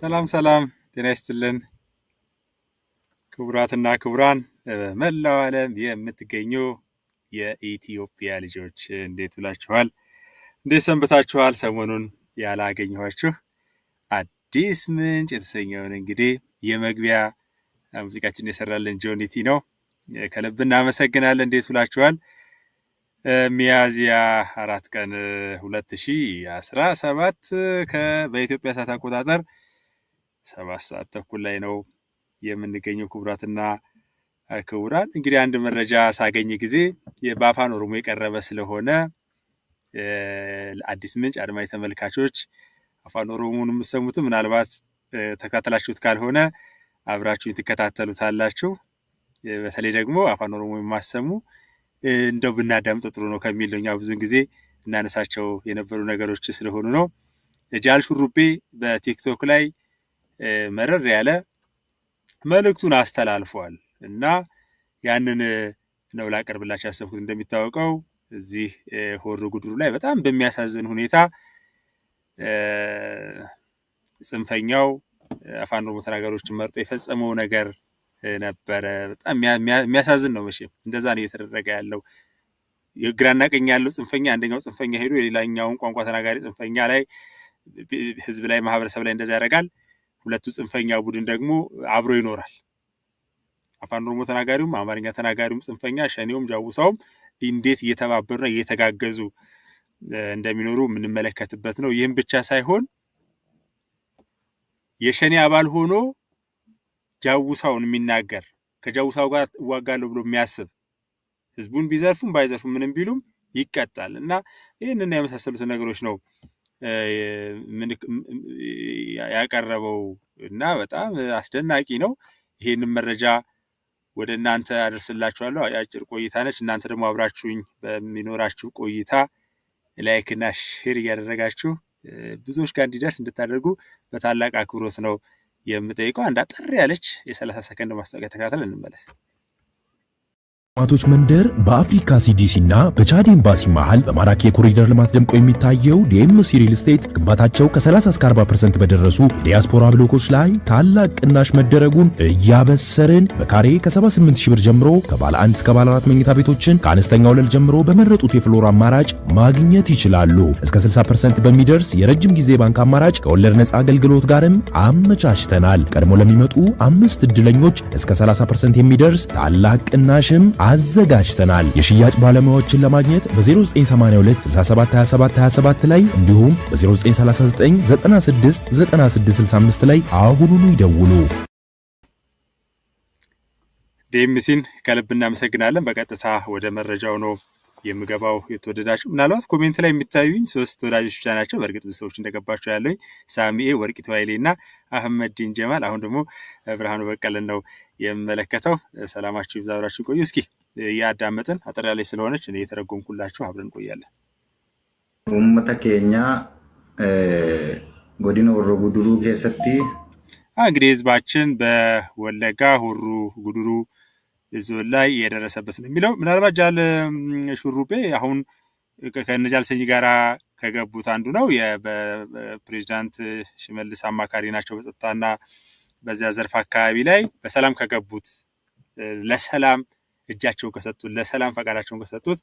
ሰላም ሰላም፣ ጤና ይስጥልን ክቡራትና ክቡራን በመላው ዓለም የምትገኙ የኢትዮጵያ ልጆች እንዴት ብላችኋል? እንዴት ሰንብታችኋል? ሰሞኑን ያላገኘኋችሁ አዲስ ምንጭ የተሰኘውን እንግዲህ የመግቢያ ሙዚቃችን የሰራልን ጆኒቲ ነው። ከልብ እናመሰግናለን። እንዴት ብላችኋል? ሚያዝያ አራት ቀን ሁለት ሺህ አስራ ሰባት በኢትዮጵያ ሰዓት አቆጣጠር ሰባት ሰዓት ተኩል ላይ ነው የምንገኘው። ክቡራትና ክቡራን እንግዲህ አንድ መረጃ ሳገኝ ጊዜ በአፋን ኦሮሞ የቀረበ ስለሆነ ለአዲስ ምንጭ አድማጭ ተመልካቾች አፋን ኦሮሞን የምትሰሙት ምናልባት ተከታተላችሁት ካልሆነ አብራችሁ ትከታተሉታላችሁ። በተለይ ደግሞ አፋን ኦሮሞ የማሰሙ እንደው ብናዳምጠው ጥሩ ነው ከሚል ነው። እኛ ብዙን ጊዜ እናነሳቸው የነበሩ ነገሮች ስለሆኑ ነው። ጃል ሹሩቤ በቲክቶክ ላይ መረር ያለ መልእክቱን አስተላልፏል እና ያንን ነው ላቀርብላችሁ ያሰብኩት። እንደሚታወቀው እዚህ ሆሮ ጉድሩ ላይ በጣም በሚያሳዝን ሁኔታ ጽንፈኛው አፋን ኦሮሞ ተናጋሪዎችን መርጦ የፈጸመው ነገር ነበረ። በጣም የሚያሳዝን ነው። መቼም እንደዛ ነው እየተደረገ ያለው። የግራና ቀኝ ያለው ጽንፈኛ አንደኛው ጽንፈኛ ሄዶ የሌላኛውን ቋንቋ ተናጋሪ ጽንፈኛ ላይ ህዝብ ላይ ማህበረሰብ ላይ እንደዛ ያደርጋል። ሁለቱ ጽንፈኛ ቡድን ደግሞ አብሮ ይኖራል። አፋን ኦሮሞ ተናጋሪውም አማርኛ ተናጋሪውም ጽንፈኛ ሸኔውም ጃውሳውም እንዴት እየተባበሩና እየተጋገዙ እንደሚኖሩ የምንመለከትበት ነው። ይህም ብቻ ሳይሆን የሸኔ አባል ሆኖ ጃውሳውን የሚናገር ከጃውሳው ጋር እዋጋለሁ ብሎ የሚያስብ ህዝቡን ቢዘርፉም ባይዘርፉም ምንም ቢሉም ይቀጣል እና ይህንና የመሳሰሉትን ነገሮች ነው ያቀረበው እና በጣም አስደናቂ ነው። ይሄንም መረጃ ወደ እናንተ አደርስላችኋለሁ። አጭር ቆይታ ነች። እናንተ ደግሞ አብራችሁኝ በሚኖራችሁ ቆይታ ላይክና ሼር እያደረጋችሁ ብዙዎች ጋር እንዲደርስ እንድታደርጉ በታላቅ አክብሮት ነው የምጠይቀው። አንድ አጠር ያለች የሰላሳ ሰከንድ ማስታወቂያ ተከታተል እንመለስ። ማቶች መንደር በአፍሪካ ሲዲሲና በቻድ ኤምባሲ መሃል በማራኪ የኮሪደር ልማት ደምቆ የሚታየው ዲኤምሲ ሪል ስቴት ግንባታቸው ከ30 እስከ 40% በደረሱ የዲያስፖራ ብሎኮች ላይ ታላቅ ቅናሽ መደረጉን እያበሰርን በካሬ ከ78000 ብር ጀምሮ ከባለ አንድ እስከ ባለ አራት መኝታ ቤቶችን ከአነስተኛ ወለል ጀምሮ በመረጡት የፍሎር አማራጭ ማግኘት ይችላሉ። እስከ 60% በሚደርስ የረጅም ጊዜ ባንክ አማራጭ ከወለድ ነፃ አገልግሎት ጋርም አመቻችተናል። ቀድሞ ለሚመጡ አምስት እድለኞች እስከ 30% የሚደርስ ታላቅ ቅናሽም አዘጋጅተናል። የሽያጭ ባለሙያዎችን ለማግኘት በ0982972727 ላይ እንዲሁም በ0939969665 ላይ አሁኑኑ ይደውሉ። ዴምሲን ከልብ እናመሰግናለን። በቀጥታ ወደ መረጃው ነው የምገባው። የተወደዳችሁ ምናልባት ኮሜንት ላይ የሚታዩኝ ሶስት ተወዳጆች ብቻ ናቸው። በእርግጥ ብዙ ሰዎች እንደገባቸው ያለኝ ሳሚኤ ወርቂቱ ኃይሌ እና አህመድ ዲን ጀማል፣ አሁን ደግሞ ብርሃኑ በቀለን ነው የምመለከተው። ሰላማችሁ ይብዛ፣ አብራችሁ ቆዩ። እስኪ እያዳመጥን አጠር ያለች ስለሆነች እኔ የተረጎምኩላችሁ አብረን እንቆያለን። ኡመተ ኬኛ ጎዲና ወሮ ጉድሩ ኬሰቲ እንግዲህ ህዝባችን በወለጋ ሁሩ ጉድሩ ዞን ላይ የደረሰበት ነው የሚለው ምናልባት ጃል ሹሩቤ አሁን ከነ ጃል ሰኝ ጋራ ከገቡት አንዱ ነው። በፕሬዚዳንት ሽመልስ አማካሪ ናቸው በጸጥታና በዚያ ዘርፍ አካባቢ ላይ በሰላም ከገቡት ለሰላም እጃቸውን ከሰጡት ለሰላም ፈቃዳቸውን ከሰጡት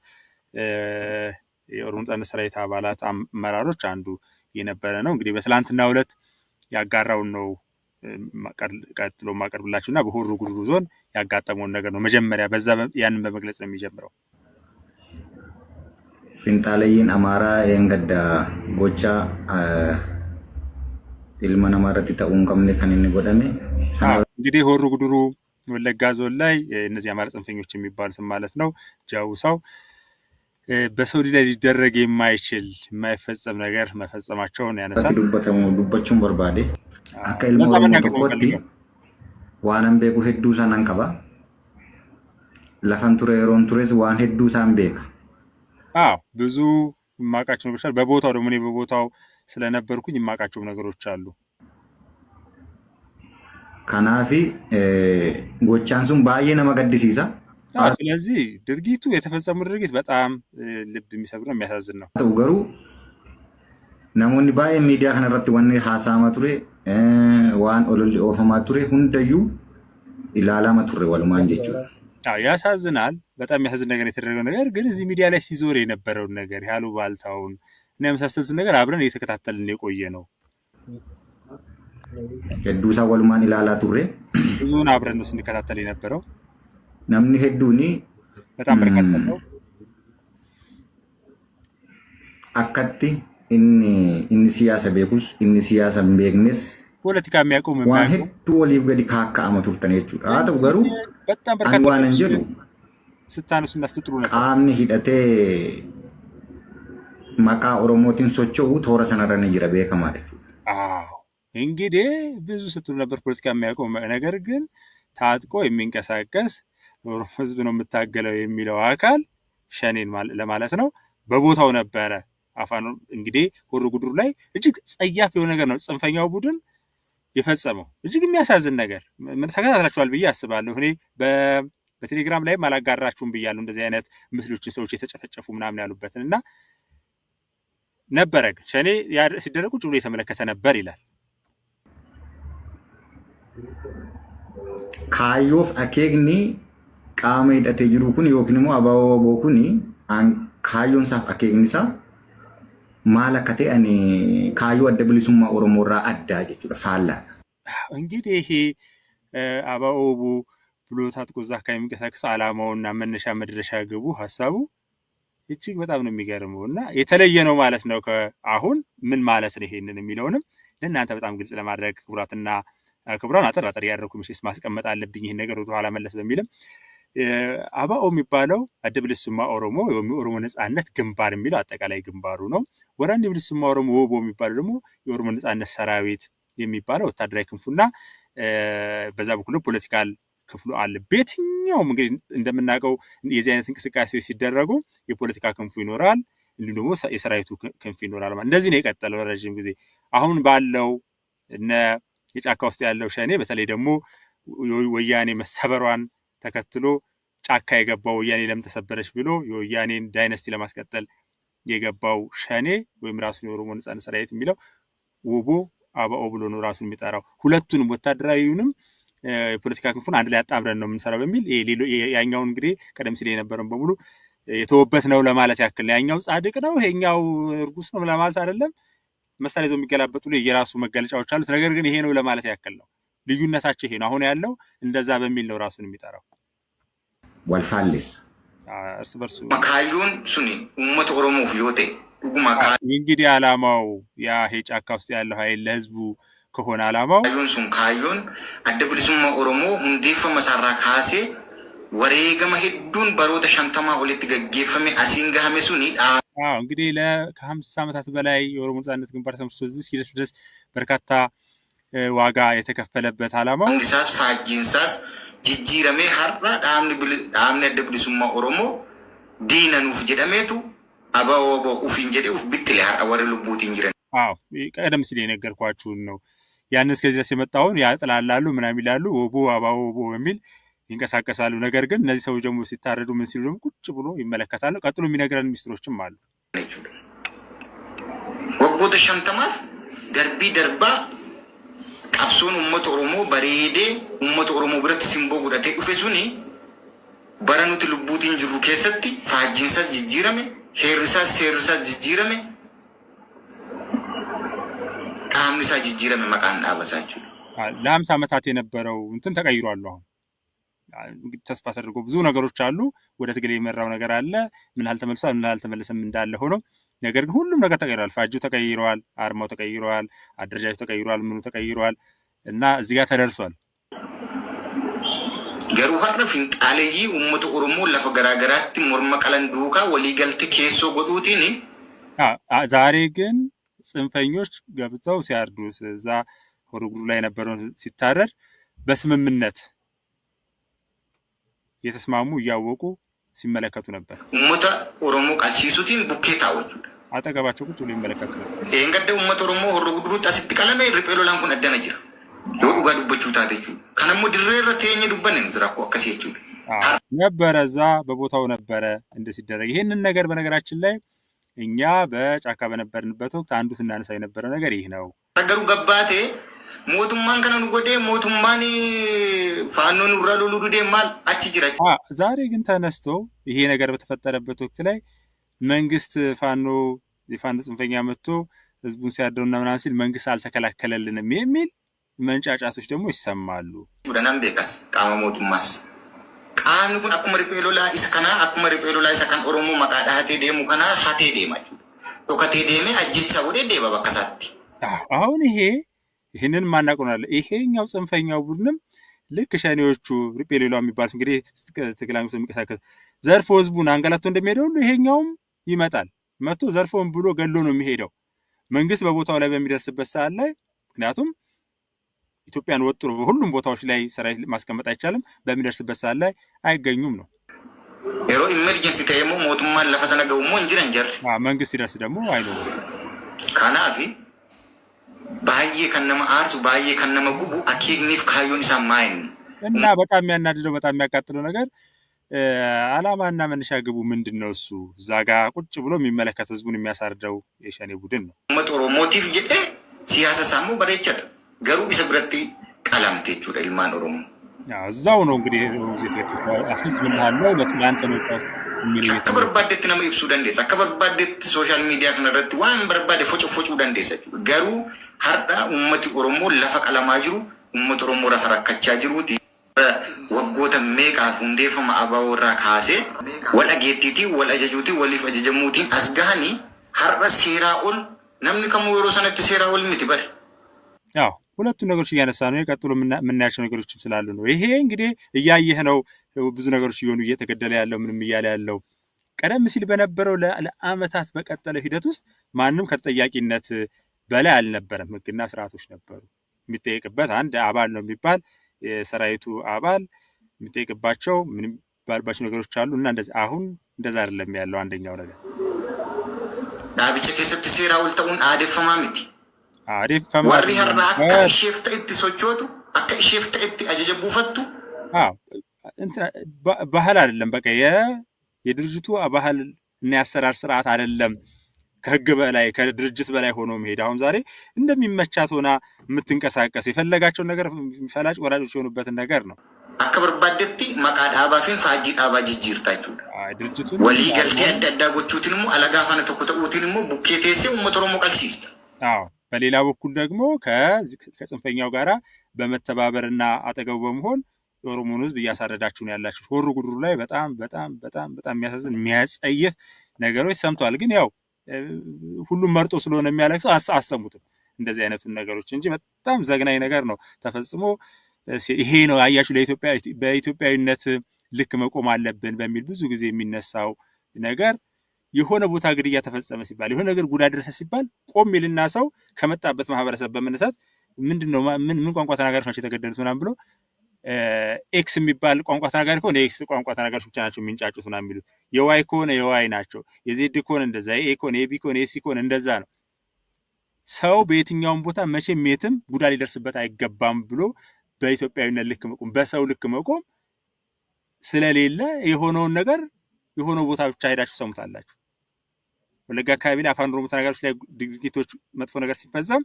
የኦሮሞ ነጻነት ሰራዊት አባላት አመራሮች አንዱ የነበረ ነው። እንግዲህ በትላንትና ዕለት ያጋራውን ነው ቀጥሎ ማቀርብላችሁ እና በሆሩ ጉድሩ ዞን ያጋጠመውን ነገር ነው። መጀመሪያ በዛ ያንን በመግለጽ ነው የሚጀምረው። ፊንጣለይን አማራ የንገዳ ጎቻ ilma irratti ta'uu hin qabne kan inni godhame እንግዲህ ሆሩ ጉድሩ ወለጋ ዞን ላይ እነዚህ አማራ ጽንፈኞች የሚባሉትን ማለት ነው ጃውሳው በሰው ላይ ሊደረግ የማይችል የማይፈጸም ነገር መፈጸማቸውን ያነሳል። በርባዴ አካ ኢልማ ዋንን ቤኩ ሄዱ ሰነን ቀባ ለፈን ቱሬ የሮን ቱሬስ ዋን ሄዱ ሳን ቤክ ብዙ ማቃቸው ነገሮች በቦታው ደግሞ በቦታው ስለነበርኩኝ የማውቃቸው ነገሮች አሉ። ከናፊ ጎቻንሱን ባዬ ነመ ቀድሲሳ ስለዚህ ድርጊቱ የተፈጸሙ ድርጊት በጣም ልብ የሚሰብር ነው፣ የሚያሳዝን ነው። ገሩ ነሞኒ ባዬ ሚዲያ ከነረት ወን ሀሳማ ቱሬ ዋን ኦሎል ኦፈማ ቱሬ ሁንደዩ ኢላላማ ቱሬ ዋሉማን ጀቹ ያሳዝናል። በጣም የሚያሳዝን ነገር የተደረገው ነገር ግን እዚህ ሚዲያ ላይ ሲዞር የነበረውን ነገር ያሉ ባልታውን እና የመሳሰሉትን ነገር አብረን እየተከታተልን የቆየ ነው። ሄዱሳ ወልማን ላላ ቱሬ ብዙውን አብረን ነው ስንከታተል የነበረው። ናምን ሄዱኒ በጣም በርካታ ነው። አካቲ እኒ ሲያሰ ቤኩስ እኒ ሲያሰ ቤግኒስ ፖለቲካ የሚያውቀው ሄዱ ወሊፍ ገዲ ካካ አመቱ ፍተን ቹ አተው ገሩ በጣም በርካታ ስታነሱና ስትጥሩ ነበር ቃምኒ ሂደቴ maqaa oromootiin socho'u toora sanarra jira beekamaa jechuudha። እንግዲህ ብዙ ስትሉ ነበር ፖለቲካ የሚያውቀው ነገር ግን ታጥቆ የሚንቀሳቀስ ኦሮሞ ህዝብ ነው የምታገለው የሚለው አካል ሸኔን ለማለት ነው። በቦታው ነበረ አፋን እንግዲህ ሆሮ ጉድሩ ላይ እጅግ ጸያፍ የሆነ ነገር ነው ጽንፈኛው ቡድን የፈጸመው እጅግ የሚያሳዝን ነገር ተከታትላችኋል ብዬ አስባለሁ። እኔ በቴሌግራም ላይም አላጋራችሁም ብያለሁ እንደዚህ አይነት ምስሎችን ሰዎች የተጨፈጨፉ ምናምን ያሉበትን እና ነበረ ግን ሸኔ ሲደረግ ቁጭ ብሎ የተመለከተ ነበር ይላል። ካዮፍ አኬግኒ ቃመ ሂደቴ ጅሩ ኩን ዮኪን ሞ አባቦቦ ኩን ካዮን ሳፍ አኬግኒ ሳ ማለከቴ አካቴ ካዮ አደ ብሊሱማ ኦሮሞራ አዳ ጀቹ ፋላ እንግዲህ ይሄ አባኦቡ ብሎ ታጥቆ እዛ አካባቢ የሚንቀሳቀስ አላማውና መነሻ መድረሻ ግቡ ሀሳቡ እጅግ በጣም ነው የሚገርመው እና የተለየ ነው ማለት ነው። አሁን ምን ማለት ነው ይሄንን የሚለውንም ለእናንተ በጣም ግልጽ ለማድረግ ክቡራትና ክቡራን አጠር አጠር ያደረኩ ምስስ ማስቀመጥ አለብኝ ይህን ነገር ወደኋላ መለስ በሚልም አባኦ የሚባለው ድብልስማ ኦሮሞ ወይም የኦሮሞ ነጻነት ግንባር የሚለው አጠቃላይ ግንባሩ ነው። ወራን ድብልስማ ኦሮሞ ወቦ የሚባለው ደግሞ የኦሮሞ ነጻነት ሰራዊት የሚባለው ወታደራዊ ክንፉና በዛ በኩል ፖለቲካል ክፍሉ አለ። በየትኛውም እንግዲህ እንደምናውቀው የዚህ አይነት እንቅስቃሴዎች ሲደረጉ የፖለቲካ ክንፉ ይኖራል፣ እንዲሁም ደግሞ የሰራዊቱ ክንፍ ይኖራል። ማለት እንደዚህ ነው የቀጠለው ረዥም ጊዜ። አሁን ባለው እነ የጫካ ውስጥ ያለው ሸኔ በተለይ ደግሞ ወያኔ መሰበሯን ተከትሎ ጫካ የገባው ወያኔ ለምን ተሰበረች ብሎ የወያኔን ዳይነስቲ ለማስቀጠል የገባው ሸኔ ወይም ራሱን የኦሮሞ ነጻነት ሰራዊት የሚለው ውቦ አባኦ ብሎ ነው ራሱን የሚጠራው። ሁለቱንም ወታደራዊውንም የፖለቲካ ክንፉን አንድ ላይ አጣምረን ነው የምንሰራው በሚል ያኛውን እንግዲህ ቀደም ሲል የነበረውን በሙሉ የተወበት ነው ለማለት ያክል ነው። ያኛው ጻድቅ ነው ይሄኛው እርጉስ ነው ለማለት አይደለም። መሳሌ ይዘው የሚገላበጡ የራሱ መገለጫዎች አሉት። ነገር ግን ይሄ ነው ለማለት ያክል ነው። ልዩነታቸው ይሄ ነው። አሁን ያለው እንደዛ በሚል ነው ራሱን የሚጠራው። ዋልፋሌስ እርስ በርሱ ካዩን ሱኒ ሞት ኦሮሞ ፍዮቴ እንግዲህ አላማው ያ ሄ ጫካ ውስጥ ያለው ሀይል ለህዝቡ ከሆነ አላማው ሱን ካዩን አደብሊሱማ ኦሮሞ ሁንዴፈመ ሳራ ካሴ ወሬ ሄዱን በሮተ ሻንተማ ሁለት ገጌፈሜ አሲን ገሀሜ ሱኒ እንግዲህ ከሀምሳ ዓመታት በላይ የኦሮሞ ነጻነት ግንባር ተመስቶ እዚህ ሲደርስ ድረስ በርካታ ዋጋ የተከፈለበት አላማው ሳስ ፋጂንሳስ ጅጂረሜ ሀራ ዳምኒ አደ ብሊሱማ ኦሮሞ ዲነኑፍ ጀደሜቱ አበወበ ኡፊን ጀዴ ኡፍ ብትል ሀራ ወረ ልቡት እንጅረ ቀደም ሲል የነገርኳችሁን ነው። ያን እስከዚህ ድረስ የመጣውን ያጥላላሉ፣ ምናም ይላሉ፣ ወቦ አባ ወቦ በሚል ይንቀሳቀሳሉ። ነገር ግን እነዚህ ሰዎች ደግሞ ሲታረዱ ምን ሲሉ ደግሞ ቁጭ ብሎ ይመለከታሉ። ቀጥሎ የሚነግረን ሚስጥሮችም አሉ። ወጎ ተሸንተማፍ ደርቢ ደርባ ቃብሶን ኡመት ኦሮሞ በሬሄዴ ኡመት ኦሮሞ ብረት ሲንቦ ጉዳቴ ዱፌሱኒ በረኑት ልቡትን ጅሩ ኬሰቲ ፋጅንሳ ጅጅረሜ ሄርሳ ሴርሳ ጅጅረሜ ታምሳ ጅጅረ መቃን ዳበሳችሁ ለሀምሳ ዓመታት የነበረው እንትን ተቀይሯሉ። አሁን እንግዲህ ተስፋ ተደርጎ ብዙ ነገሮች አሉ። ወደ ትግል የመራው ነገር አለ። ምን ያህል ተመልሷል፣ ምን ያህል ተመለሰም እንዳለ ሆኖ ነገር ግን ሁሉም ነገር ተቀይሯል። ፋጁ ተቀይረዋል፣ አርማው ተቀይረዋል፣ አደረጃጁ ተቀይረዋል፣ ምኑ ተቀይረዋል እና እዚህ ጋር ተደርሷል። ገሩ ሀረ ፊንጣሌይ ኡመቱ ኦሮሞ ለፈ ገራገራት ሞርመ ቀለን ዱካ ወሊገልት ኬሶ ጎዱቲኒ ዛሬ ግን ጽንፈኞች ገብተው ሲያርዱ እዛ ሆሮጉዱ ላይ የነበረውን ሲታረድ በስምምነት የተስማሙ እያወቁ ሲመለከቱ ነበር። ሙመታ ኦሮሞ ቃልሲሱቲን ቡኬታ ቡኬታዎች አጠገባቸው ቁጭ ብሎ ይመለከቱ ነበር። ይህንቀደ ሙመት ኦሮሞ ሆሮጉዱ ጠስት ቀለመ ሪጴሎላን ኩን አደነ ጅራ ዱጋ ዱበቹ ታተች ከነሞ ድሬረ ተኘ ዱበን ዝራኮ አከሲየች ነበረ እዛ በቦታው ነበረ እንደ ሲደረግ ይህንን ነገር በነገራችን ላይ እኛ በጫካ በነበርንበት ወቅት አንዱ ስናነሳ የነበረው ነገር ይህ ነው። ነገሩ ገባቴ ሞቱማን ከነን ጎዴ ሞቱማን ፋኖን ራሉሉ ዱዴማል አቺ ጅራ ዛሬ ግን ተነስቶ ይሄ ነገር በተፈጠረበት ወቅት ላይ መንግስት ፋኖ የፋኖ ጽንፈኛ መጥቶ ህዝቡን ሲያደሩና ምናምን ሲል መንግስት አልተከላከለልንም የሚል መንጫጫቶች ደግሞ ይሰማሉ። ቡደናም ቤቀስ ቃመ ሞቱማስ qaamni kun akkuma riphee lolaa isa kanaa akkuma riphee lolaa isa kan Oromoo maqaa dhahatee deemu kanaa hatee deema jechuudha. Dhokatee deemee ajjechaa godhee deeba bakka isaatti. አሁን ይሄ ይህንን ማናቆናለ ይሄኛው ጽንፈኛው ቡድንም ልክ ሸኔዎቹ ሪጴ ሌላ የሚባሉት እንግዲህ ትግል አንግሶ የሚንቀሳቀስ ዘርፎ ህዝቡን አንገላቶ እንደሚሄደው ሁሉ ይሄኛውም ይመጣል መጥቶ ዘርፎን ብሎ ገሎ ነው የሚሄደው። መንግስት በቦታው ላይ በሚደርስበት ሰዓት ላይ ምክንያቱም ኢትዮጵያን ወጥሮ በሁሉም ቦታዎች ላይ ሰራዊት ማስቀመጥ አይቻልም። በሚደርስበት ሰዓት ላይ አይገኙም ነው ሮ ኢመርጀንሲ ከየሞ ሞቱማን ለፈሰነገቡ ሞ እንጅረን ጀር መንግስት ሲደርስ ደግሞ አይነ ካናፊ ባየ ከነመ አርሱ ባየ ከነመ ጉቡ አኬግኒፍ ካዮን ይሰማይን እና በጣም የሚያናድደው በጣም የሚያቃጥለው ነገር አላማ እና መነሻ ግቡ ምንድን ነው? እሱ እዛ ጋ ቁጭ ብሎ የሚመለከት ህዝቡን የሚያሳርደው የሸኔ ቡድን ነው። መጦሮ ሞቲቭ ጅ ሲያሰሳሙ በሬቸት ገሩ ኢሰ ብረቲ ቀላምቴቹ ልማን ኦሮሞ እዛው ነው እንግዲህ አስመስብልሃለሁ ለአንተ ነው akka barbaaddetti nama ibsuu dandeessa akka barbaaddetti sooshaal miidiyaa kana irratti waan barbaade focofocuu dandeessa garuu har'a ummati oromoo lafa qalamaa jiru ummati oromoo lafa rakkachaa jiruuti waggoota meeqaaf hundeeffama abaaboo irraa kaasee wal dhageettiitii wal ajajuutii waliif ajajamuutiin as gahanii har'a seeraa ol namni kamuu yeroo sanatti seeraa ol miti bare. ሁለቱን ነገሮች እያነሳ ነው። የቀጥሎ የምናያቸው ነገሮችም ስላሉ ነው። ይሄ እንግዲህ እያየህ ነው። ብዙ ነገሮች እየሆኑ እየተገደለ ያለው ምንም እያለ ያለው ቀደም ሲል በነበረው ለአመታት በቀጠለው ሂደት ውስጥ ማንም ከተጠያቂነት በላይ አልነበረም። ህግና ስርዓቶች ነበሩ። የሚጠየቅበት አንድ አባል ነው የሚባል የሰራዊቱ አባል የሚጠየቅባቸው ምን ባልባቸው ነገሮች አሉ እና እንደዚህ አሁን እንደዛ አይደለም ያለው አንደኛው ነገር ናብቸ ከሰት ሴራ ውልጠውን warri har'aa akka isheef ta'etti sochootu akka isheef ta'etti ajaja buufattu ባህል አይደለም። በቃ የድርጅቱ ባህል እና የአሰራር ስርዓት አይደለም። ከህግ በላይ ከድርጅት በላይ ሆኖ መሄድ አሁን ዛሬ እንደሚመቻት ሆና የምትንቀሳቀስ የፈለጋቸውን ነገር ፈላጭ ወራጮች የሆኑበትን ነገር ነው። አከበርባደቲ መቃ ዳባፊን ፋጂ ዳባ ጅጅርታ ድርጅቱ ወሊ ገልቴ አዳዳጎቹትንሞ አለጋፋነ ተኮተቁትንሞ ቡኬቴሴ ኡመት ኦሮሞ ቀልሲስታ በሌላ በኩል ደግሞ ከጽንፈኛው ጋራ በመተባበርና አጠገቡ በመሆን የኦሮሞን ህዝብ እያሳረዳችሁ ነው ያላችሁ። ሆሮ ጉድሩ ላይ በጣም በጣም በጣም በጣም የሚያሳዝን የሚያጸይፍ ነገሮች ሰምተዋል። ግን ያው ሁሉም መርጦ ስለሆነ የሚያለቅሰው አሰሙትም እንደዚህ አይነቱን ነገሮች እንጂ በጣም ዘግናኝ ነገር ነው ተፈጽሞ። ይሄ ነው አያችሁ፣ በኢትዮጵያዊነት ልክ መቆም አለብን በሚል ብዙ ጊዜ የሚነሳው ነገር የሆነ ቦታ ግድያ ተፈጸመ ሲባል የሆነ ነገር ጉዳ ደረሰ ሲባል ቆም ይልና ሰው ከመጣበት ማህበረሰብ በመነሳት ምንድነውምን ምን ቋንቋ ተናጋሪዎች ናቸው የተገደሉት ምናም ብሎ ኤክስ የሚባል ቋንቋ ተናጋሪ ከሆነ ኤክስ ቋንቋ ተናጋሪዎች ብቻ ናቸው የሚንጫጩት ምናም የሚሉት የዋይ ከሆነ የዋይ ናቸው፣ የዜድ ከሆነ እንደዛ፣ የኤ ከሆነ የቢ ከሆነ የሲ ከሆነ እንደዛ ነው። ሰው በየትኛውም ቦታ መቼም የትም ጉዳ ሊደርስበት አይገባም ብሎ በኢትዮጵያዊነት ልክ መቆም በሰው ልክ መቆም ስለሌለ የሆነውን ነገር የሆነው ቦታ ብቻ ሄዳችሁ ሰሙታላችሁ። ወለጋ አካባቢ ላይ አፋን ኦሮሞ ተናጋሪዎች ላይ ድርጊቶች፣ መጥፎ ነገር ሲፈጸም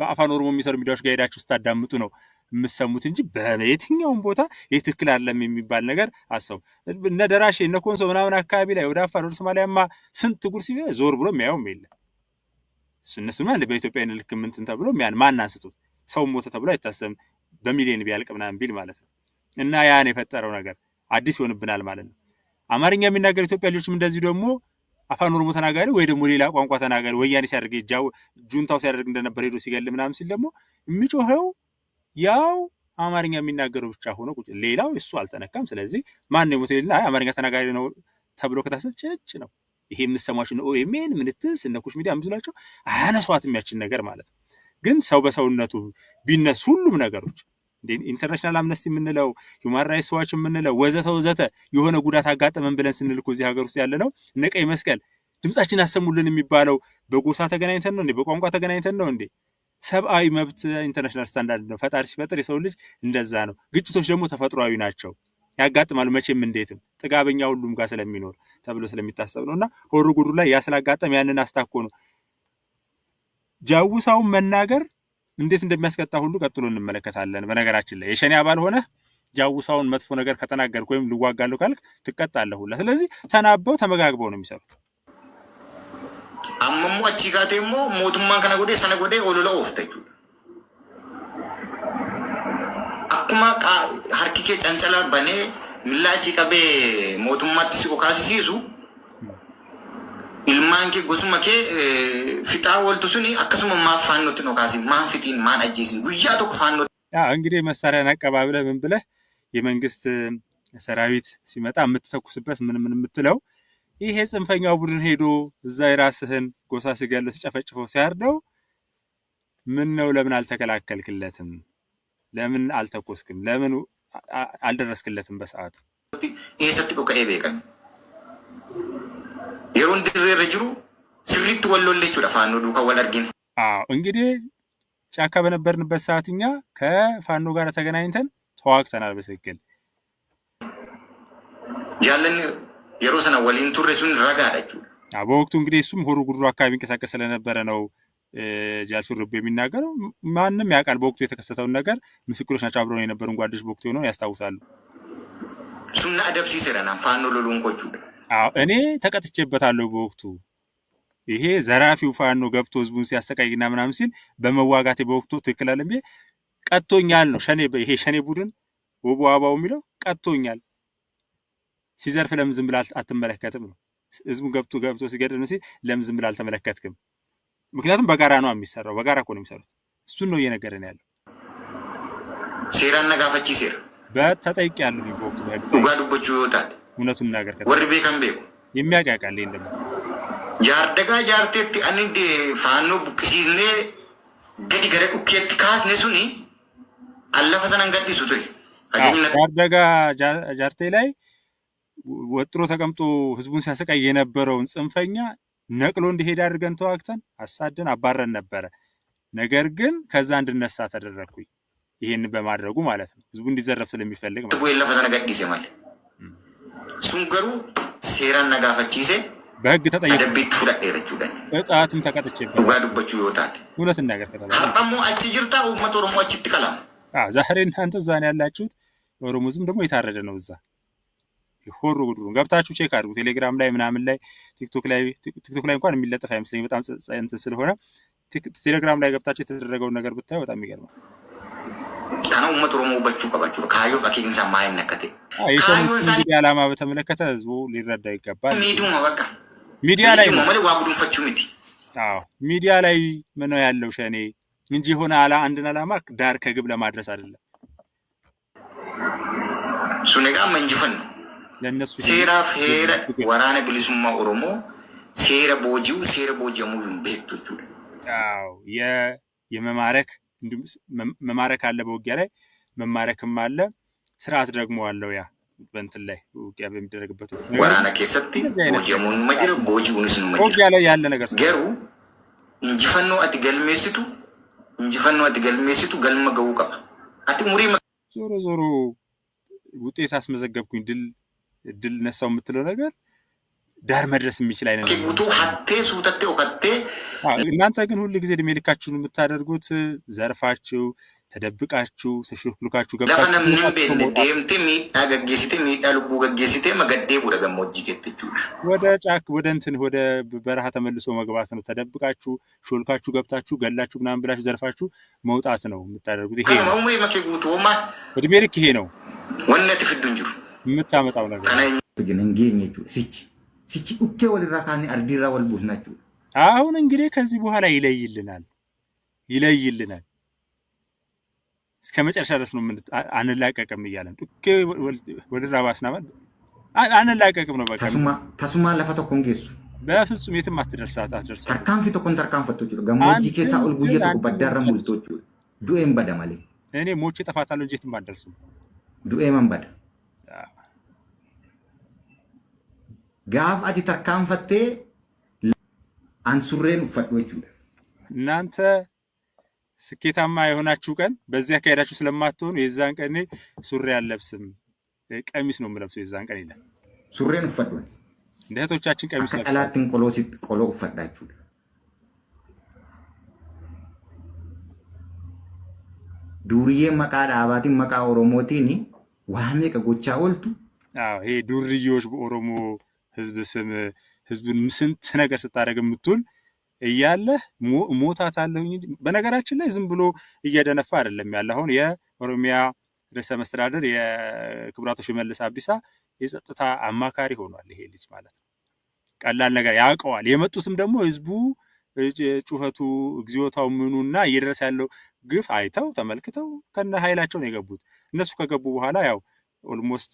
በአፋን ኦሮሞ የሚሰሩ ሚዲያዎች ጋር ሄዳችሁ ስታዳምጡ ነው የምሰሙት እንጂ በየትኛውም ቦታ ይህ ትክክል አለም የሚባል ነገር አሰቡ። እነ ደራሽ እነ ኮንሶ ምናምን አካባቢ ላይ ወደ አፋር ወደ ሶማሊያማ ስንት ጉር ሲ ዞር ብሎ የሚያየውም የለም። እነሱ በኢትዮጵያ ልክ ምንትን ተብሎ ያን ማን አንስቶት ሰው ሞተ ተብሎ አይታሰብም። በሚሊዮን ቢያልቅ ምናምን ቢል ማለት ነው። እና ያን የፈጠረው ነገር አዲስ ይሆንብናል ማለት ነው። አማርኛ የሚናገር ኢትዮጵያ ልጆችም እንደዚህ ደግሞ አፋን ኦሮሞ ተናጋሪ ወይ ደግሞ ሌላ ቋንቋ ተናጋሪ ወያኔ ሲያደርግ እጃው ጁንታው ሲያደርግ እንደነበር ሄዶ ሲገል ምናምን ሲል ደግሞ የሚጮኸው ያው አማርኛ የሚናገረው ብቻ ሆኖ ቁጭ ሌላው እሱ አልተነካም። ስለዚህ ማን ነው ሞቴልና አማርኛ ተናጋሪ ነው ተብሎ ከታሰብ ጭጭ ነው። ይሄ የምሰማች ነው ኦኤምኤን ምንትስ እነኩሽ ሚዲያ ምስላቸው አያነሷት የሚያችን ነገር ማለት ነው። ግን ሰው በሰውነቱ ቢነሱ ሁሉም ነገሮች ኢንተርናሽናል አምነስቲ የምንለው ሁማን ራይትስ ዋች የምንለው ወዘተ ወዘተ የሆነ ጉዳት አጋጠመን ብለን ስንል እኮ እዚህ ሀገር ውስጥ ያለ ነው እነ ቀይ መስቀል ድምጻችን አሰሙልን የሚባለው በጎሳ ተገናኝተን ነው እንዴ? በቋንቋ ተገናኝተን ነው እንዴ? ሰብአዊ መብት ኢንተርናሽናል ስታንዳርድ ነው። ፈጣሪ ሲፈጥር የሰው ልጅ እንደዛ ነው። ግጭቶች ደግሞ ተፈጥሯዊ ናቸው፣ ያጋጥማሉ። መቼም እንዴትም ጥጋበኛ ሁሉም ጋር ስለሚኖር ተብሎ ስለሚታሰብ ነው። እና ሆሮ ጉዱ ላይ ያ ስላጋጠም ያንን አስታኮ ነው ጃውሳውን መናገር እንዴት እንደሚያስቀጣ ሁሉ ቀጥሎ እንመለከታለን። በነገራችን ላይ የሸኔ አባል ሆነ ጃውሳውን መጥፎ ነገር ከተናገርክ ወይም ልዋጋለሁ ካልክ ትቀጣለህ ሁላ። ስለዚህ ተናበው ተመጋግበው ነው የሚሰሩት። አመሙ አቺጋቴ ሞ ሞቱማ ከነጎዴ ሰነጎዴ ኦሎሎ ኦፍተቹ አኩማ ሀርኪኬ ጨንጨላ በኔ ምላጭ ቀቤ ሞቱማ ሲቆ ካሲሲሱ ilmaan kee gosuma kee eh, fixaa waltu suni akkasuma maa faannootti nokaasin maan fixiin maan ajjeesin guyyaa tokko faannootti. እንግዲህ መሳሪያን አቀባብለህ ምን ብለህ የመንግስት ሰራዊት ሲመጣ የምትተኩስበት ምን ምን የምትለው ይሄ ጽንፈኛው ቡድን ሄዶ እዛ የራስህን ጎሳ ሲገለው ሲጨፈጭፈው ሲያርደው ምን ነው ለምን አልተከላከልክለትም? ለምን አልተኮስክም? ለምን አልደረስክለትም በሰዓቱ? ይህ ሰጥቆ ቀኤ ቤቀን yeroon dirreerra jiru sirriitti wal lolle jechuudha faannoo duukaa wal እንግዲህ ጫካ በነበርንበት ሰዓት እኛ ከፋኖ ጋር ተገናኝተን ተዋግተናል። በትክክል ጃለን የሮ ወሊን ቱሬ ረጋ አላችሁ። በወቅቱ እንግዲህ እሱም ሆሮ ጉድሩ አካባቢ እንቀሳቀስ ስለነበረ ነው ጃልሱን የሚናገረው። ማንም ያውቃል በወቅቱ የተከሰተውን ነገር። ምስክሮች ናቸው፣ አብረው የነበሩን ጓደኞች በወቅቱ የሆነውን ያስታውሳሉ። ሱና ደብሲ ስለና ፋኖ ሎሎንቆቹ አዎ እኔ ተቀጥቼበታለሁ በወቅቱ ይሄ ዘራፊው ፋኖ ገብቶ ህዝቡን ሲያሰቃይና ምናምን ሲል በመዋጋቴ በወቅቱ ትክክል አለም ቀጥቶኛል ነው ሸኔ። ይሄ ሸኔ ቡድን ውቦ አባው የሚለው ቀጥቶኛል፣ ሲዘርፍ ለምን ዝም ብላ አትመለከትም ነው። ህዝቡ ገብቶ ገብቶ ሲገድል ሲል ለምን ዝም ብላ አልተመለከትክም? ምክንያቱም በጋራ ነው የሚሰራው፣ በጋራ እኮ ነው የሚሰሩት። እሱን ነው እየነገረን ያለው። ሴራ ነጋፈቺ ሴር በተጠይቅ ያለሁ በወቅቱ ዱቦቹ ይወጣል እውነቱም ነገር ወር ቤከን ቤቁ የሚያቃቃል ይህን ደግሞ ጃርደጋ ጃርቴት አንድ ፋኖ ቡቅሲዝኔ ገዲ ገረ ቁኬት ካስ ነሱኒ አለፈ ሰነን ገዲሱ ቱሪ ጃርደጋ ጃርቴ ላይ ወጥሮ ተቀምጦ ህዝቡን ሲያሰቃይ የነበረውን ጽንፈኛ ነቅሎ እንዲሄድ አድርገን ተዋግተን አሳደን አባረን ነበረ። ነገር ግን ከዛ እንድነሳ ተደረግኩኝ። ይሄንን በማድረጉ ማለት ነው ህዝቡ እንዲዘረፍ ስለሚፈልግ ማለት ነው። እሱን ገሩ ሴራን ነጋፈቺሴ በህግ ተጠየቀ። ደብት ፍዳድ ደረችሁደን እጣትም ተቀጥቼበት ዱጋ ዱበቹ ይወጣል። ሁለት ነገር ከተላቀሙ አቺ ጅርታ ኡመት ኦሮሞ አቺ ትቀላ አዎ ዛሬ እናንተ እዛ ነው ያላችሁት። የኦሮሞ ህዝብም ደግሞ የታረደ ነው እዛ ሆሮ ጉድሩ ገብታችሁ ቼክ አድርጉ። ቴሌግራም ላይ ምናምን ላይ ቲክቶክ ላይ ቲክቶክ ላይ እንኳን የሚለጠፍ አይመስለኝ በጣም እንትን ስለሆነ ቴሌግራም ላይ ገብታችሁ የተደረገውን ነገር ብታዩ በጣም ይገርማል። ከነው ውመት ሮሞ በቹ ቀበቹ ካዩ ከኪንሳ ማይ ነከቴ አላማ በተመለከተ ህዝቡ ሊረዳ ይገባል። ሚዲያ በቃ ሚዲያ ላይ ማለት ዋጉዱን ፈቹ ሚዲ አዎ ሚዲያ ላይ ምን ነው ያለው ሸኔ እንጂ የሆነ አላ አንድን አላማ ዳር ከግብ ለማድረስ አይደለም። ሱኔጋ መንጅፈን ነው ለነሱ ሴራ ፌረ ወራነ ብሊሱማ ኦሮሞ ሴረ ቦጂው ሴረ ቦጂ ሙዩን ቤቶቹ አዎ የመማረክ እንዲሁም መማረክ አለ በውጊያ ላይ መማረክም አለ ስርዓት ደግሞ አለው ያ በንትን ላይ ውጊያ በሚደረግበት ውጊያ ላይ ያለ ነገር ገሩ እንጂፈኖ አቲ ገልሜሲቱ እንጂፈኖ አቲ ገልሜሲቱ ገልመ ገቡ ቀባ አቲ ሙሪ ዞሮ ዞሮ ውጤት አስመዘገብኩኝ ድል ድል ነሳው የምትለው ነገር ዳር መድረስ የሚችል አይነት እናንተ ግን ሁሉ ጊዜ እድሜ ልካችሁን የምታደርጉት ዘርፋችሁ ተደብቃችሁ ተሽሎክሉካችሁ ወደ ጫክ ወደ እንትን ወደ በረሃ ተመልሶ መግባት ነው። ተደብቃችሁ ሾልካችሁ ገብታችሁ ገላችሁ ምናምን ብላችሁ ዘርፋችሁ መውጣት ነው የምታደርጉት። ይሄ ነው እድሜ ልክ ይሄ ነው ወነት ፍዱ እንጅሩ የምታመጣው ነገር ግን ሲች ሲቺ ኡኬ ወልራ ካኔ አርዲራ ወልቡት ናችሁ። አሁን እንግዲህ ከዚህ በኋላ ይለይልናል ይለይልናል እስከ መጨረሻ ድረስ ነው አንላቀቅም እያለን ኡኬ ወልራ ባስናባል አንላቀቅም ነው በቃ ተሱማ ለፈ ተኮን በፍጹም የትም አትደርሳት አትደርሳ ተርካንፊ ተኮን ተርካንፈቶ ችሎ ገሞጂ ኬሳ ኦልጉየ ተኮ በዳረ ሙልቶ ዱኤም በዳ እኔ ሞቼ ጠፋታለሁ እንጂ የትም አትደርሱም ዱኤ መንበዳ gaaf ati tarkaanfattee አንሱሬን ውፈድሁ jechuudha። እናንተ ስኬታማ የሆናችሁ ቀን በዚያ አካሄዳችሁ ስለማትሆኑ የዛን ቀን ሱሪ አለብስም ቀሚስ ነው የምለብሰው የዛን ቀን ይላል። ሱሬን ውፈድሁ እንደ እህቶቻችን ቀሚስ ቀላትን ቆሎ ውፈዳችሁ ዱርዬ መቃ ዳባትን መቃ ኦሮሞቲን ዋሜ ቀጎቻ ወልቱ ይሄ ዱርዬዎች በኦሮሞ ህዝብ ስም ህዝብን ስንት ነገር ስታደርግ የምትውል እያለህ ሞታት በነገራችን ላይ ዝም ብሎ እየደነፋ አይደለም ያለ። አሁን የኦሮሚያ ርዕሰ መስተዳደር የክቡራቶ ሽመልስ አብዲሳ የጸጥታ አማካሪ ሆኗል ይሄ ልጅ ማለት ነው። ቀላል ነገር ያውቀዋል። የመጡትም ደግሞ ህዝቡ ጩኸቱ፣ እግዚኦታው፣ እና እየደረሰ ያለው ግፍ አይተው ተመልክተው ከነ ኃይላቸው ነው የገቡት። እነሱ ከገቡ በኋላ ያው ኦልሞስት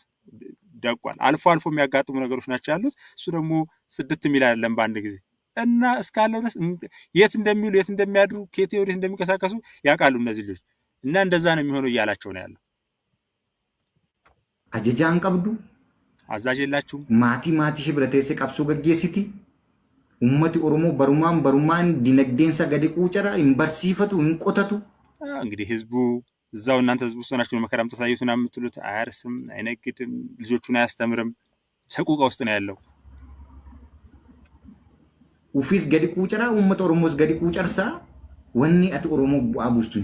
ደቋል። አልፎ አልፎ የሚያጋጥሙ ነገሮች ናቸው ያሉት። እሱ ደግሞ ስድት የሚል አይደለም በአንድ ጊዜ እና እስካለ ድረስ የት እንደሚውሉ የት እንደሚያድሩ ከየት ወዴት እንደሚንቀሳቀሱ ያውቃሉ እነዚህ ልጆች እና እንደዛ ነው የሚሆነው እያላቸው ነው ያለው። አጀጃ አንቀብዱ አዛዥ የላችሁም። ማቲ ማቲ ህብረተሴ ቀብሱ ሲቲ ኡመቲ ኦሮሞ በሩማን በሩማን ዲነግዴንሳ ገዲ ቁጨራ ይንበርሲፈቱ እንቆተቱ እንግዲህ ህዝቡ እዛው እናንተ ህዝብ ውስጥ ሆናችሁ መከራ የምታሳዩት ምናምን የምትሉት አያርስም፣ አይነግድም፣ ልጆቹን አያስተምርም። ሰቁቃ ውስጥ ነው ያለው። ኡፊስ ገዲ ቁጭራ ውመት ኦሮሞስ ገዲ ቁጨርሳ ወኒ አት ኦሮሞ ቡአ ቡስቱ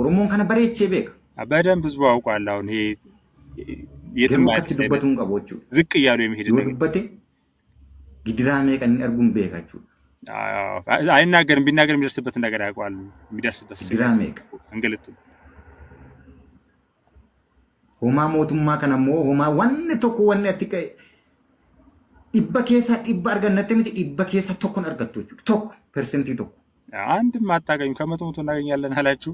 ኦሮሞን ከነ በሬቼ ቤክ በደንብ ህዝቡ አውቋል። አሁን ይሄ የትማትበቱን ቀቦቹ ዝቅ እያሉ የሚሄድ ዱበቴ ግድራሜ ቀን እርጉም ቤካችሁ አይናገርም። ቢናገር የሚደርስበትን ነገር ያውቀዋል። የሚደርስበት እንግልቱ Homaa mootummaa kan ammoo homaa wanni tokko wanni atti dhibba keessaa dhibba argannatti miti dhibba keessa tokkon argattu jechuudha. Tokko persentii tokko. አንድም አታገኙ። ከመቶ መቶ እናገኛለን አላችሁ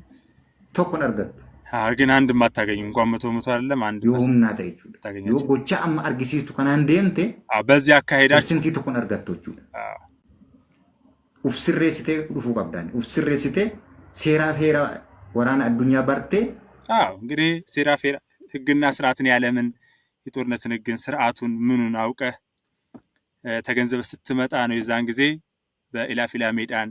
tokkon argattu. Argin ግን አንድም አታገኙ። እንኳን መቶ መቶ አይደለም አንድ yoo humnaa ta'e jechuudha. yoo gochaa amma argisiistu kanaan deemte akka አካሄዳችሁ persentii tokkon argattu jechuudha. uf sirreessitee dhufuu qabdaan uf sirreessitee seeraa feera waraana addunyaa bartee. እንግዲህ ሴራ ፌራ ህግና ስርዓትን ያለምን የጦርነትን ህግን ስርዓቱን ምኑን አውቀህ ተገንዘበ ስትመጣ ነው የዛን ጊዜ በኢላፊላ ሜዳን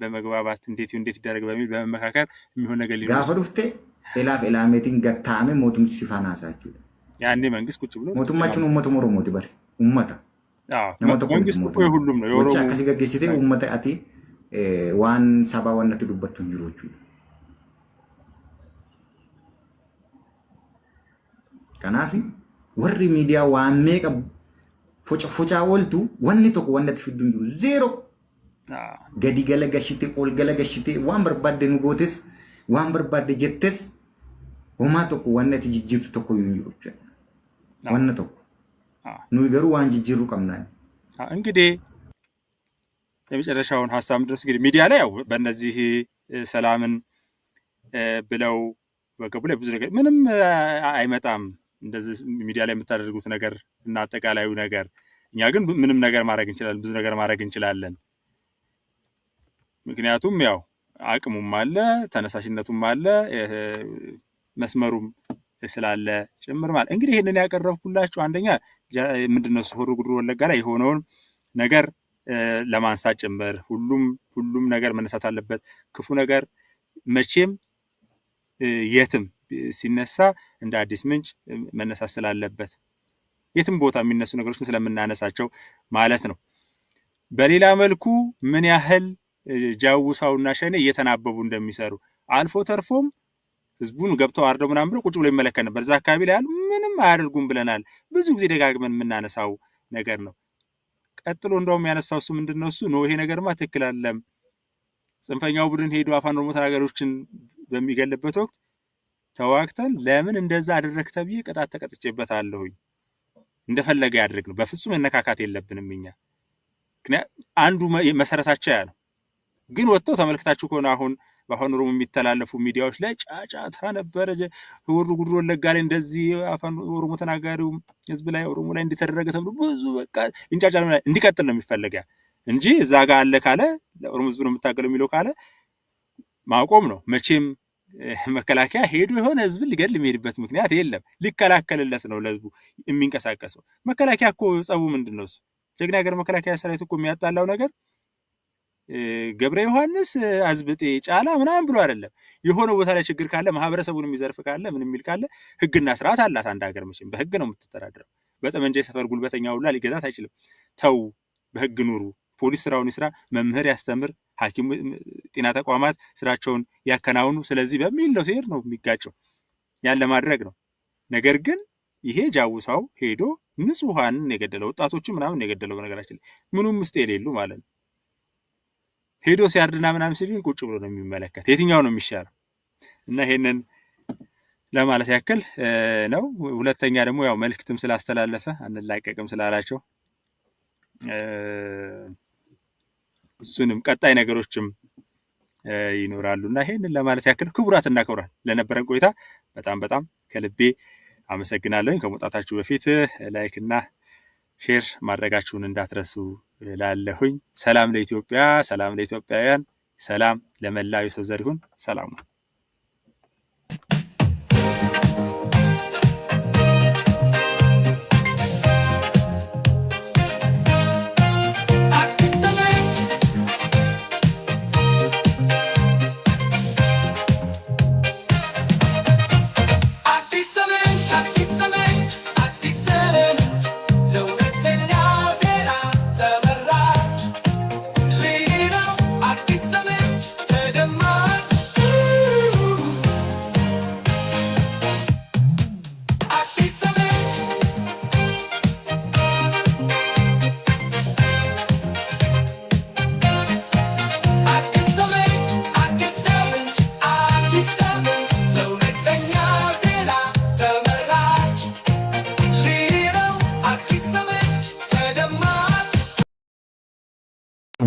በመግባባት እንዴት እንዴት ይደረግ በሚል በመመካከል የሚሆን ነገር ሊጋፈ ዱፍቴ ሜዲን ኢላሜቲን ገታሜ ሞቱም ሳችሁ ያኔ መንግስት ቁጭ ብሎ ሞቱማችን ኡመቱ ሞሮሞት ይበል ኡመታ መንግስት ሁሉም ነው። የኦሮሞ ከሲገጌሲቴ ኡመታ አቲ ዋን ሰባ ዋነት ዱበቱን ጅሮቹ Kanaaf warri miidiyaa waammee qabu focaa ooltu wanni tokko wanni ati fiddu hin jiru zeero. Gadi gala gashite ol gala gashite waan barbaadde nu gootes waan barbaadde jettes homaa tokko wanni ati jijjiirtu tokko hin jiru jechuudha. Wanna tokko. nuyi garuu waan jijjiirru qabnaan. እንግዲህ የመጨረሻውን ሀሳብ ድረስ እንግዲህ ሚዲያ ላይ ያው በእነዚህ ሰላምን ብለው በገቡ ላይ ብዙ ነገር ምንም አይመጣም። እንደዚህ ሚዲያ ላይ የምታደርጉት ነገር እና አጠቃላዩ ነገር እኛ ግን ምንም ነገር ማድረግ እንችላለን፣ ብዙ ነገር ማድረግ እንችላለን። ምክንያቱም ያው አቅሙም አለ፣ ተነሳሽነቱም አለ፣ መስመሩም ስላለ ጭምር ማለት እንግዲህ ይህንን ያቀረብኩላችሁ አንደኛ ምንድነው ሆሮ ጉዱሩ ወለጋ ላይ የሆነውን ነገር ለማንሳት ጭምር ሁሉም ሁሉም ነገር መነሳት አለበት። ክፉ ነገር መቼም የትም ሲነሳ እንደ አዲስ ምንጭ መነሳት ስላለበት የትም ቦታ የሚነሱ ነገሮችን ስለምናነሳቸው ማለት ነው። በሌላ መልኩ ምን ያህል ጃውሳውና ሸኔ እየተናበቡ እንደሚሰሩ አልፎ ተርፎም ህዝቡን ገብተው አርደው ምናምን ብሎ ቁጭ ብሎ ይመለከት ነበር። እዛ አካባቢ ላይ ያሉ ምንም አያደርጉም ብለናል። ብዙ ጊዜ ደጋግመን የምናነሳው ነገር ነው። ቀጥሎ እንደውም ያነሳው እሱ ምንድን ነው እሱ ኖ ይሄ ነገርማ ትክክል አለም ጽንፈኛው ቡድን ሄዶ አፋን ኦሮሞ ተናጋሪዎችን በሚገልበት ወቅት ተዋግተን ለምን እንደዛ አደረግ ተብዬ ቅጣት ተቀጥቼበታለሁኝ። እንደፈለገ ያድርግ ነው። በፍጹም መነካካት የለብንም እኛ አንዱ መሰረታቸው ያ ነው። ግን ወጥተው ተመልክታችሁ ከሆነ አሁን በአፋን ኦሮሞ የሚተላለፉ ሚዲያዎች ላይ ጫጫታ ነበረ። ወሩ ጉድሮ ወለጋ ላይ እንደዚህ አፋን ኦሮሞ ተናጋሪው ህዝብ ላይ ኦሮሞ ላይ እንደተደረገ ተብሎ ብዙ በቃ እንጫጫ እንዲቀጥል ነው የሚፈለግ ያ እንጂ እዛ ጋር አለ ካለ ለኦሮሞ ህዝብ ነው የምታገለው የሚለው ካለ ማቆም ነው መቼም መከላከያ ሄዶ የሆነ ህዝብን ሊገድል የሚሄድበት ምክንያት የለም። ሊከላከልለት ነው ለህዝቡ የሚንቀሳቀሰው። መከላከያ እኮ ጸቡ ምንድን ነው? ጀግና ሀገር መከላከያ ሰራዊት እኮ የሚያጣላው ነገር ገብረ ዮሐንስ፣ አዝብጤ፣ ጫላ ምናምን ብሎ አይደለም። የሆነ ቦታ ላይ ችግር ካለ ማህበረሰቡን የሚዘርፍ ካለ ምን የሚል ካለ ህግና ስርዓት አላት አንድ ሀገር። መቼም በህግ ነው የምትተዳደረው። በጠመንጃ የሰፈር ጉልበተኛ ሁላ ሊገዛት አይችልም። ተው፣ በህግ ኑሩ። ፖሊስ ስራውን ይስራ፣ መምህር ያስተምር፣ ሐኪም ጤና ተቋማት ስራቸውን ያከናውኑ፣ ስለዚህ በሚል ነው ሲሄድ ነው የሚጋጨው። ያን ለማድረግ ነው። ነገር ግን ይሄ ጃውሳው ሄዶ ንጹሐንን የገደለው ወጣቶችን ምናምን የገደለው በነገራችን ላይ ምኑም ውስጥ የሌሉ ማለት ነው። ሄዶ ሲያርድና ምናምን ሲል ግን ቁጭ ብሎ ነው የሚመለከት። የትኛው ነው የሚሻለው? እና ይሄንን ለማለት ያክል ነው። ሁለተኛ ደግሞ ያው መልእክትም ስላስተላለፈ አንላቀቅም ስላላቸው እሱንም ቀጣይ ነገሮችም ይኖራሉ እና ይህንን ለማለት ያክል ክቡራትና ክቡራን ለነበረን ቆይታ በጣም በጣም ከልቤ አመሰግናለሁኝ። ከመውጣታችሁ በፊት ላይክና ሼር ማድረጋችሁን እንዳትረሱ ላለሁኝ። ሰላም ለኢትዮጵያ፣ ሰላም ለኢትዮጵያውያን፣ ሰላም ለመላው ሰው ዘር ይሁን። ሰላም ነው።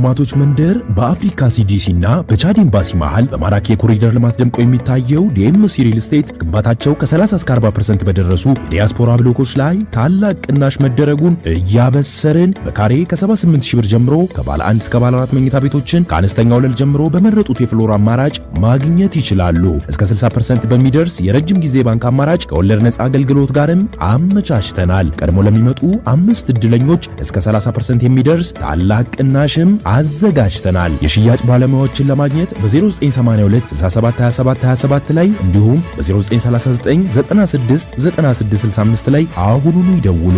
የዲፕሎማቶች መንደር በአፍሪካ እና በቻድ ኤምባሲ መሃል በማራኪ የኮሪደር ልማት ደምቆ የሚታየው ዲኤምሲ ሪል ስቴት ግንባታቸው ከ30 እስከ 40% በደረሱ የዲያስፖራ ብሎኮች ላይ ታላቅ ቅናሽ መደረጉን እያበሰርን በካሬ ከ78000 ብር ጀምሮ ከባለ አንድ እስከ ባለ አራት መኝታ ቤቶችን ከአነስተኛ ወለል ጀምሮ በመረጡት የፍሎር አማራጭ ማግኘት ይችላሉ። እስከ 60% በሚደርስ የረጅም ጊዜ ባንክ አማራጭ ከወለድ ነፃ አገልግሎት ጋርም አመቻችተናል። ቀድሞ ለሚመጡ አምስት እድለኞች እስከ 30% የሚደርስ ታላቅ ቅናሽም አዘጋጅተናል። የሽያጭ ባለሙያዎችን ለማግኘት በ0982672727 ላይ እንዲሁም በ0939969665 ላይ አሁኑኑ ይደውሉ።